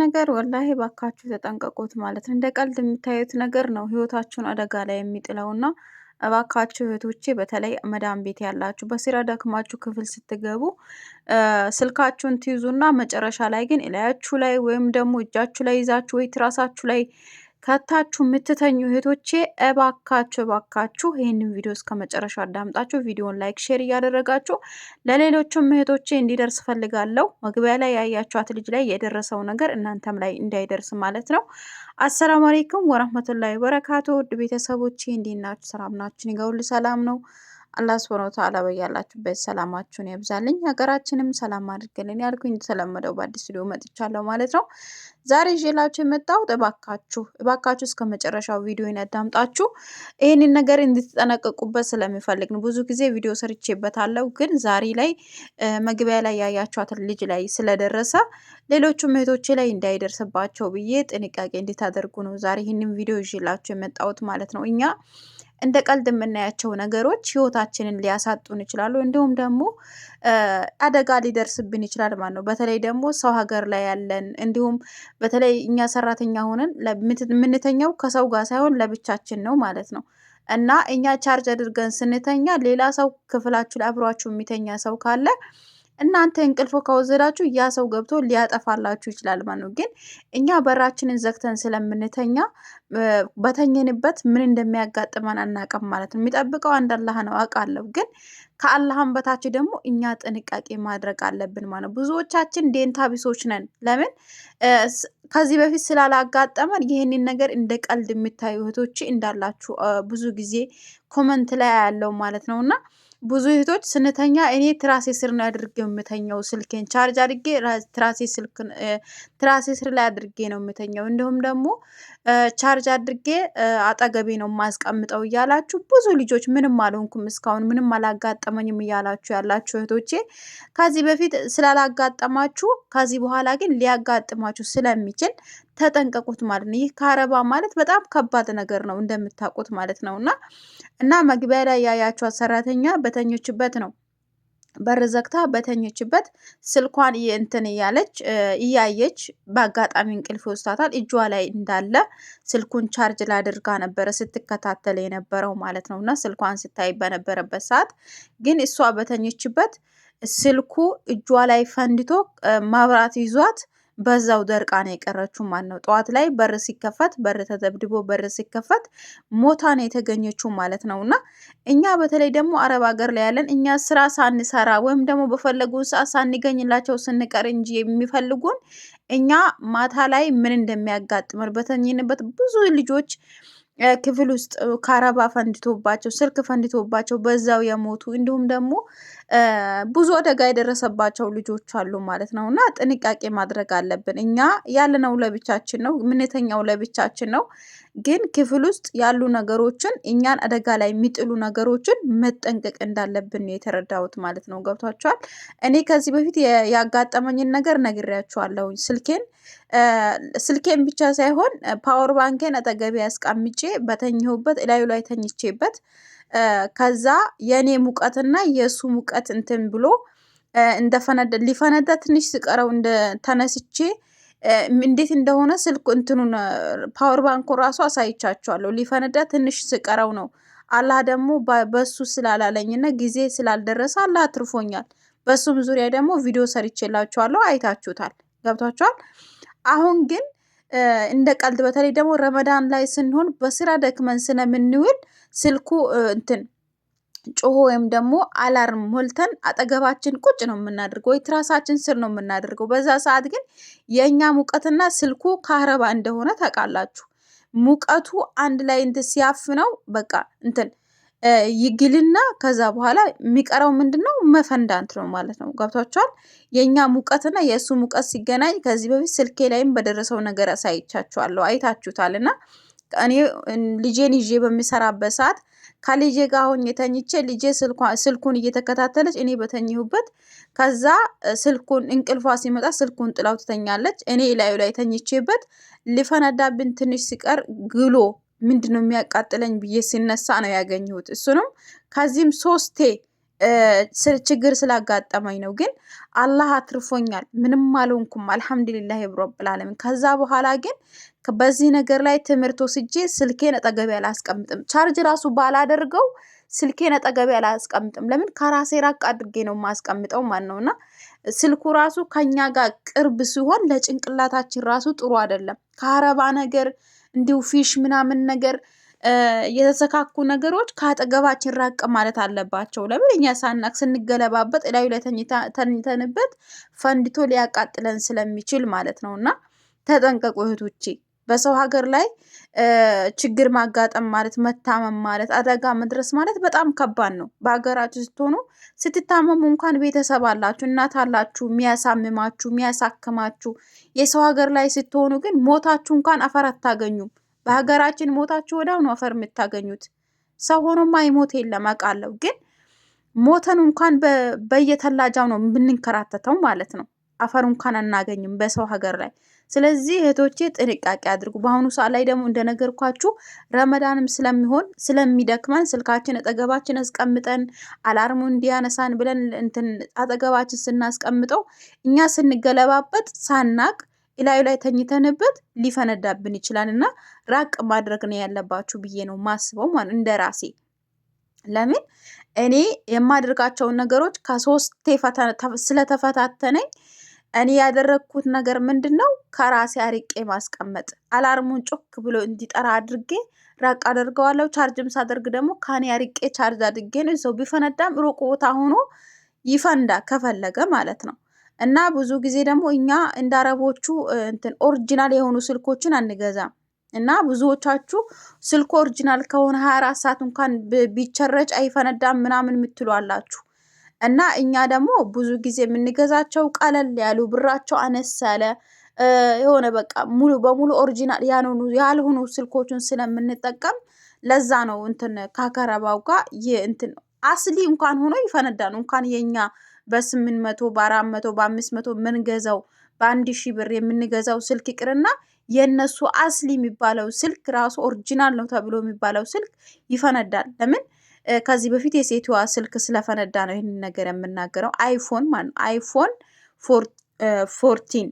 ነገር ወላሂ ባካችሁ ተጠንቀቁት ማለት ነው። እንደ ቀልድ የምታዩት ነገር ነው ህይወታችሁን አደጋ ላይ የሚጥለውና እባካችሁ እህቶቼ በተለይ መዳም ቤት ያላችሁ በስራ ደክማችሁ ክፍል ስትገቡ ስልካችሁን ትይዙና መጨረሻ ላይ ግን እላያችሁ ላይ ወይም ደግሞ እጃችሁ ላይ ይዛችሁ ወይ ትራሳችሁ ላይ ከታችሁ የምትተኙ እህቶቼ እባካችሁ እባካችሁ ይህንን ቪዲዮ እስከ መጨረሻ አዳምጣችሁ ቪዲዮን ላይክ፣ ሼር እያደረጋችሁ ለሌሎችም እህቶቼ እንዲደርስ ፈልጋለሁ። መግቢያ ላይ ያያችኋት ልጅ ላይ የደረሰው ነገር እናንተም ላይ እንዳይደርስ ማለት ነው። አሰላሙ አሌይኩም ወረህመቱላሂ ወበረካቱ ውድ ቤተሰቦቼ እንዲናችሁ፣ ሰላም ናችሁ? ይገውል ሰላም ነው አላህ ሱብሃነሁ ወተዓላ በያላችሁበት ሰላማችሁን ያብዛልኝ፣ ሀገራችንም ሰላም አድርግልን ያልኩኝ እንደተለመደው በአዲስ ቪዲዮ መጥቻለሁ ማለት ነው። ዛሬ ይዤላችሁ የመጣሁት እባካችሁ እባካችሁ እስከ መጨረሻው ቪዲዮ አዳምጣችሁ ይህንን ነገር እንድትጠነቀቁበት ስለሚፈልግ ነው። ብዙ ጊዜ ቪዲዮ ሰርቼበታለሁ፣ ግን ዛሬ ላይ መግቢያ ላይ ያያችኋት ልጅ ላይ ስለደረሰ ሌሎቹም እህቶቼ ላይ እንዳይደርስባቸው ብዬ ጥንቃቄ እንድታደርጉ ነው ዛሬ ይህንን ቪዲዮ ይዤላችሁ የመጣሁት ማለት ነው እኛ እንደ ቀልድ የምናያቸው ነገሮች ህይወታችንን ሊያሳጡን ይችላሉ። እንዲሁም ደግሞ አደጋ ሊደርስብን ይችላል ማለት ነው። በተለይ ደግሞ ሰው ሀገር ላይ ያለን እንዲሁም በተለይ እኛ ሰራተኛ ሆነን የምንተኛው ከሰው ጋር ሳይሆን ለብቻችን ነው ማለት ነው እና እኛ ቻርጅ አድርገን ስንተኛ ሌላ ሰው ክፍላችሁ ላይ አብሯችሁ የሚተኛ ሰው ካለ እናንተ እንቅልፎ ከወዘዳችሁ ያ ሰው ገብቶ ሊያጠፋላችሁ ይችላል ማለት ነው። ግን እኛ በራችንን ዘግተን ስለምንተኛ በተኘንበት ምን እንደሚያጋጥመን አናቀም ማለት ነው። የሚጠብቀው አንድ አላህ ነው አውቃለሁ ግን ከአላህም በታች ደግሞ እኛ ጥንቃቄ ማድረግ አለብን ማለት ነው። ብዙዎቻችን ዴንታ ቢሶች ነን። ለምን ከዚህ በፊት ስላላጋጠመን ይህንን ነገር እንደ ቀልድ የሚታዩ እህቶች እንዳላችሁ ብዙ ጊዜ ኮመንት ላይ ያለው ማለት ነው እና ብዙ እህቶች ስንተኛ እኔ ትራሴ ስር ነው አድርጌ የምተኘው፣ ስልኬን ቻርጅ አድርጌ ትራሴ ስር ላይ አድርጌ ነው የምተኘው፣ እንዲሁም ደግሞ ቻርጅ አድርጌ አጠገቤ ነው የማስቀምጠው እያላችሁ ብዙ ልጆች ምንም አልሆንኩም እስካሁን ምንም አላጋጠም አልገጠመኝም እያላችሁ ያላችሁ እህቶቼ ከዚህ በፊት ስላላጋጠማችሁ ከዚህ በኋላ ግን ሊያጋጥማችሁ ስለሚችል ተጠንቀቁት ማለት ነው። ይህ ካረባ ማለት በጣም ከባድ ነገር ነው እንደምታውቁት ማለት ነው እና እና መግቢያ ላይ ያያችኋት ሰራተኛ በተኞችበት ነው በር ዘግታ በተኘችበት ስልኳን እንትን እያለች እያየች በአጋጣሚ እንቅልፍ ይወስዳታል። እጇ ላይ እንዳለ ስልኩን ቻርጅ ላድርጋ ነበረ ስትከታተል የነበረው ማለት ነው። እና ስልኳን ስታይ በነበረበት ሰዓት ግን እሷ በተኘችበት ስልኩ እጇ ላይ ፈንድቶ መብራት ይዟት በዛው ደርቃ ነው የቀረችው ማን ነው። ጠዋት ላይ በር ሲከፈት በር ተደብድቦ በር ሲከፈት ሞታ ነው የተገኘችው ማለት ነው። እና እኛ በተለይ ደግሞ አረብ ሀገር ላይ ያለን እኛ ስራ ሳንሰራ ወይም ደግሞ በፈለጉን ሰዓት ሳንገኝላቸው ስንቀር እንጂ የሚፈልጉን እኛ ማታ ላይ ምን እንደሚያጋጥመን በተኝንበት ብዙ ልጆች ክፍል ውስጥ ካረባ ፈንድቶባቸው ስልክ ፈንድቶባቸው በዛው የሞቱ እንዲሁም ደግሞ ብዙ አደጋ የደረሰባቸው ልጆች አሉ ማለት ነው። እና ጥንቃቄ ማድረግ አለብን። እኛ ያለነው ለብቻችን ነው፣ ምንተኛው ለብቻችን ነው። ግን ክፍል ውስጥ ያሉ ነገሮችን እኛን አደጋ ላይ የሚጥሉ ነገሮችን መጠንቀቅ እንዳለብን ነው የተረዳሁት ማለት ነው። ገብቷቸዋል። እኔ ከዚህ በፊት ያጋጠመኝን ነገር ነግሬያቸዋለሁ። ስልኬን ስልኬን ብቻ ሳይሆን ፓወር ባንኬን አጠገቤ ያስቀምጬ በተኘሁበት እላዩ ላይ ተኝቼበት ከዛ የእኔ ሙቀትና የእሱ ሙቀት እንትን ብሎ እንደፈነዳ ሊፈነዳ ትንሽ ስቀረው ተነስቼ እንዴት እንደሆነ ስልኩ እንትኑን ፓወር ባንኩ ራሱ አሳይቻቸዋለሁ። ሊፈነዳ ትንሽ ስቀረው ነው። አላህ ደግሞ በሱ ስላላለኝና ጊዜ ስላልደረሰ አላህ አትርፎኛል። በሱም ዙሪያ ደግሞ ቪዲዮ ሰርቼላችኋለሁ፣ አይታችሁታል፣ ገብቷችኋል። አሁን ግን እንደ ቀልድ በተለይ ደግሞ ረመዳን ላይ ስንሆን በስራ ደክመን ስለምንውል ስልኩ እንትን ጮሆ ወይም ደግሞ አላርም ሞልተን አጠገባችን ቁጭ ነው የምናደርገው ወይ ትራሳችን ስር ነው የምናደርገው። በዛ ሰዓት ግን የእኛ ሙቀትና ስልኩ ካረባ እንደሆነ ታውቃላችሁ። ሙቀቱ አንድ ላይ እንትን ነው በቃ እንትን ይግልና ከዛ በኋላ የሚቀረው ምንድን ነው? መፈንዳንት ነው ማለት ነው። ገብቷቸዋል። የእኛ ሙቀትና የእሱ ሙቀት ሲገናኝ ከዚህ በፊት ስልኬ ላይም በደረሰው ነገር አሳይቻችኋለሁ፣ አይታችሁታል። እና እኔ ልጄን ይዤ በሚሰራበት ሰዓት ከልጄ ጋር ሆኜ ተኝቼ ልጄ ስልኩን እየተከታተለች እኔ በተኝሁበት ከዛ ስልኩን እንቅልፏ ሲመጣ ስልኩን ጥላው ትተኛለች። እኔ ላዩ ላይ ተኝቼበት ሊፈነዳብን ትንሽ ሲቀር ግሎ ምንድን ነው የሚያቃጥለኝ ብዬ ሲነሳ ነው ያገኘሁት። እሱንም ከዚህም ሶስቴ ችግር ስላጋጠመኝ ነው። ግን አላህ አትርፎኛል፣ ምንም አልሆንኩም። አልሐምዱሊላህ ረብል ዓለሚን። ከዛ በኋላ ግን በዚህ ነገር ላይ ትምህርት ወስጄ ስልኬን አጠገቤ አላስቀምጥም። ቻርጅ ራሱ ባላደርገው ስልኬን አጠገቤ አላስቀምጥም። ለምን ከራሴ ራቅ አድርጌ ነው የማስቀምጠው ማን ነው። እና ስልኩ ራሱ ከኛ ጋር ቅርብ ሲሆን ለጭንቅላታችን ራሱ ጥሩ አይደለም። ከአረባ ነገር እንዲሁ ፊሽ ምናምን ነገር የተሰካኩ ነገሮች ከአጠገባችን ራቅ ማለት አለባቸው። ለምን እኛ ሳናቅ ስንገለባበት እላዩ ለተኝተንበት ተኝተንበት ፈንድቶ ሊያቃጥለን ስለሚችል ማለት ነው። እና ተጠንቀቁ እህቶቼ። በሰው ሀገር ላይ ችግር ማጋጠም ማለት መታመም ማለት አደጋ መድረስ ማለት በጣም ከባድ ነው። በሀገራችን ስትሆኑ ስትታመሙ እንኳን ቤተሰብ አላችሁ፣ እናት አላችሁ፣ የሚያሳምማችሁ የሚያሳክማችሁ። የሰው ሀገር ላይ ስትሆኑ ግን ሞታችሁ እንኳን አፈር አታገኙም። በሀገራችን ሞታችሁ ወዲያው ነው አፈር የምታገኙት። ሰው ሆኖማ ይሞት የለም አውቃለሁ፣ ግን ሞተን እንኳን በየተላጃው ነው የምንንከራተተው ማለት ነው። አፈር እንኳን አናገኝም በሰው ሀገር ላይ ስለዚህ እህቶቼ ጥንቃቄ አድርጉ። በአሁኑ ሰዓት ላይ ደግሞ እንደነገርኳችሁ ረመዳንም ስለሚሆን ስለሚደክመን ስልካችን አጠገባችን አስቀምጠን አላርሙ እንዲያነሳን ብለን እንትን አጠገባችን ስናስቀምጠው እኛ ስንገለባበት ሳናቅ እላዩ ላይ ተኝተንበት ሊፈነዳብን ይችላል እና ራቅ ማድረግ ነው ያለባችሁ ብዬ ነው ማስበው ማለት እንደ ራሴ ለምን እኔ የማደርጋቸውን ነገሮች ከሶስቴ ስለተፈታተነኝ እኔ ያደረግኩት ነገር ምንድን ነው? ከራሴ አርቄ ማስቀመጥ። አላርሙን ጮክ ብሎ እንዲጠራ አድርጌ ራቅ አደርገዋለሁ። ቻርጅም ሳደርግ ደግሞ ከኔ አርቄ ቻርጅ አድርጌ ነው ሰው ቢፈነዳም ሩቅ ቦታ ሆኖ ይፈንዳ ከፈለገ ማለት ነው። እና ብዙ ጊዜ ደግሞ እኛ እንደ አረቦቹ እንትን ኦሪጂናል የሆኑ ስልኮችን አንገዛም። እና ብዙዎቻችሁ ስልኩ ኦሪጂናል ከሆነ ሀያ አራት ሰዓት እንኳን ቢቸረጭ አይፈነዳም ምናምን የምትሉ አላችሁ። እና እኛ ደግሞ ብዙ ጊዜ የምንገዛቸው ቀለል ያሉ ብራቸው አነስ ያለ የሆነ በቃ ሙሉ በሙሉ ኦሪጂናል ያልሆኑ ስልኮችን ስለምንጠቀም ለዛ ነው እንትን ካከረባው ጋር እንትን አስሊ እንኳን ሆኖ ይፈነዳል። እንኳን የኛ በስምንት መቶ በአራት መቶ በአምስት መቶ የምንገዛው በአንድ ሺህ ብር የምንገዛው ስልክ ይቅርና የእነሱ አስሊ የሚባለው ስልክ ራሱ ኦሪጂናል ነው ተብሎ የሚባለው ስልክ ይፈነዳል። ለምን ከዚህ በፊት የሴትዋ ስልክ ስለፈነዳ ነው ይህንን ነገር የምናገረው። አይፎን ማለት ነው አይፎን ፎርቲን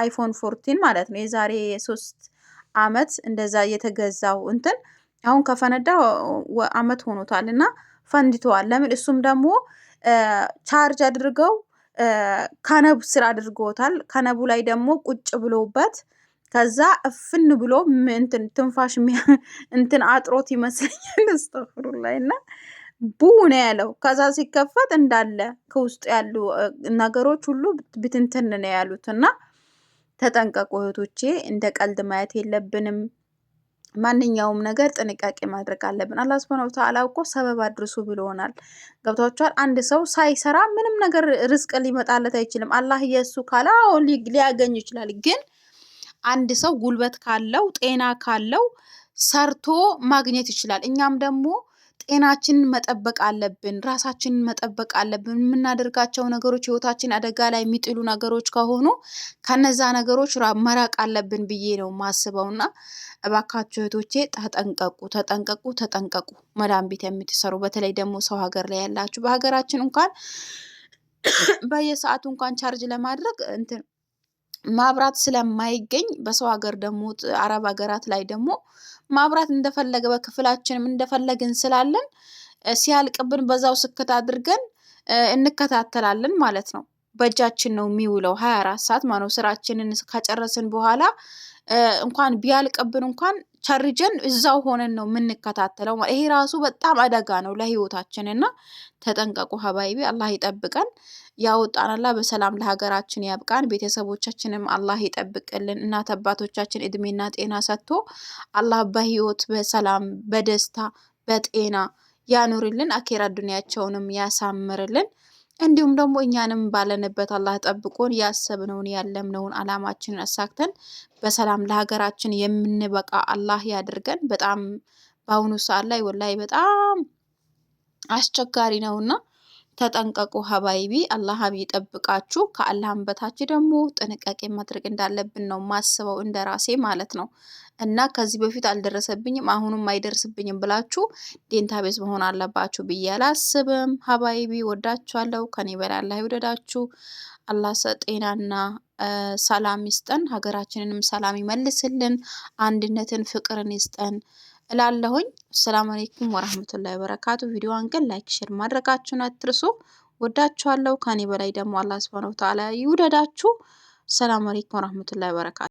አይፎን ፎርቲን ማለት ነው የዛሬ የሶስት አመት እንደዛ የተገዛው እንትን አሁን ከፈነዳ አመት ሆኖታል እና ፈንድተዋል። ለምን እሱም ደግሞ ቻርጅ አድርገው ከነብ ስር አድርጎታል። ከነቡ ላይ ደግሞ ቁጭ ብሎበት ከዛ እፍን ብሎ ትንፋሽ እንትን አጥሮት ይመስለኛል እስተፍሩላይ እና ቡ ነው ያለው። ከዛ ሲከፈት እንዳለ ከውስጡ ያሉ ነገሮች ሁሉ ብትንትን ነው ያሉት። እና ተጠንቀቁ እህቶቼ፣ እንደ ቀልድ ማየት የለብንም። ማንኛውም ነገር ጥንቃቄ ማድረግ አለብን። አላህ ሱብሃነሁ ወተዓላ እኮ ሰበብ አድርሱ ብሎናል። ገብቷችኋል? አንድ ሰው ሳይሰራ ምንም ነገር ርዝቅ ሊመጣለት አይችልም። አላህ የእሱ ካላው ሊያገኝ ይችላል ግን አንድ ሰው ጉልበት ካለው ጤና ካለው ሰርቶ ማግኘት ይችላል። እኛም ደግሞ ጤናችንን መጠበቅ አለብን፣ ራሳችንን መጠበቅ አለብን። የምናደርጋቸው ነገሮች ህይወታችን አደጋ ላይ የሚጥሉ ነገሮች ከሆኑ ከነዛ ነገሮች መራቅ አለብን ብዬ ነው ማስበውና እባካችሁ እህቶቼ ተጠንቀቁ፣ ተጠንቀቁ፣ ተጠንቀቁ። መዳም ቤት የምትሰሩ በተለይ ደግሞ ሰው ሀገር ላይ ያላችሁ በሀገራችን እንኳን በየሰዓቱ እንኳን ቻርጅ ለማድረግ እንትን ማብራት ስለማይገኝ በሰው ሀገር ደግሞ አረብ ሀገራት ላይ ደግሞ ማብራት እንደፈለገ በክፍላችንም እንደፈለግን ስላለን ሲያልቅብን በዛው ስክት አድርገን እንከታተላለን ማለት ነው። በእጃችን ነው የሚውለው ሀያ አራት ሰዓት ማነው ስራችንን ከጨረስን በኋላ እንኳን ቢያልቅብን እንኳን ቸርጀን እዛው ሆነን ነው የምንከታተለው። ይሄ ራሱ በጣም አደጋ ነው ለህይወታችን እና ተጠንቀቁ ሀባይቢ። አላህ ይጠብቀን፣ ያወጣን አላህ በሰላም ለሀገራችን ያብቃን። ቤተሰቦቻችንም አላህ ይጠብቅልን። እናት አባቶቻችን እድሜና ጤና ሰጥቶ አላህ በህይወት በሰላም በደስታ በጤና ያኑርልን። አኬራ ዱንያቸውንም ያሳምርልን። እንዲሁም ደግሞ እኛንም ባለንበት አላህ ጠብቆን ያሰብነውን ያለምነውን አላማችንን አሳክተን በሰላም ለሀገራችን የምንበቃ አላህ ያድርገን። በጣም በአሁኑ ሰዓት ላይ ወላይ በጣም አስቸጋሪ ነውና ተጠንቀቁ ሀባይቢ። አላህ ይጠብቃችሁ። ከአላህም በታች ደግሞ ጥንቃቄ ማድረግ እንዳለብን ነው ማስበው እንደ ራሴ ማለት ነው። እና ከዚህ በፊት አልደረሰብኝም አሁንም አይደርስብኝም ብላችሁ ዴንታቤዝ መሆን አለባችሁ ብዬ አላስብም። ሀባይቢ ወዳችኋለሁ። ከኔ በላይ አላህ ይውደዳችሁ። አላህ ጤናና ሰላም ይስጠን። ሀገራችንንም ሰላም ይመልስልን። አንድነትን፣ ፍቅርን ይስጠን እላለሁኝ። አሰላሙ አሌይኩም ወራህመቱላሂ ወበረካቱ። ቪዲዮዋን ግን ላይክ፣ ሼር ማድረጋችሁን አትርሱ። ወዳችኋለሁ። ከኔ በላይ ደግሞ አላህ ስብሃነሁ ወተዓላ ይውደዳችሁ። ሰላም አሌይኩም ወራህመቱላሂ ወበረካቱ።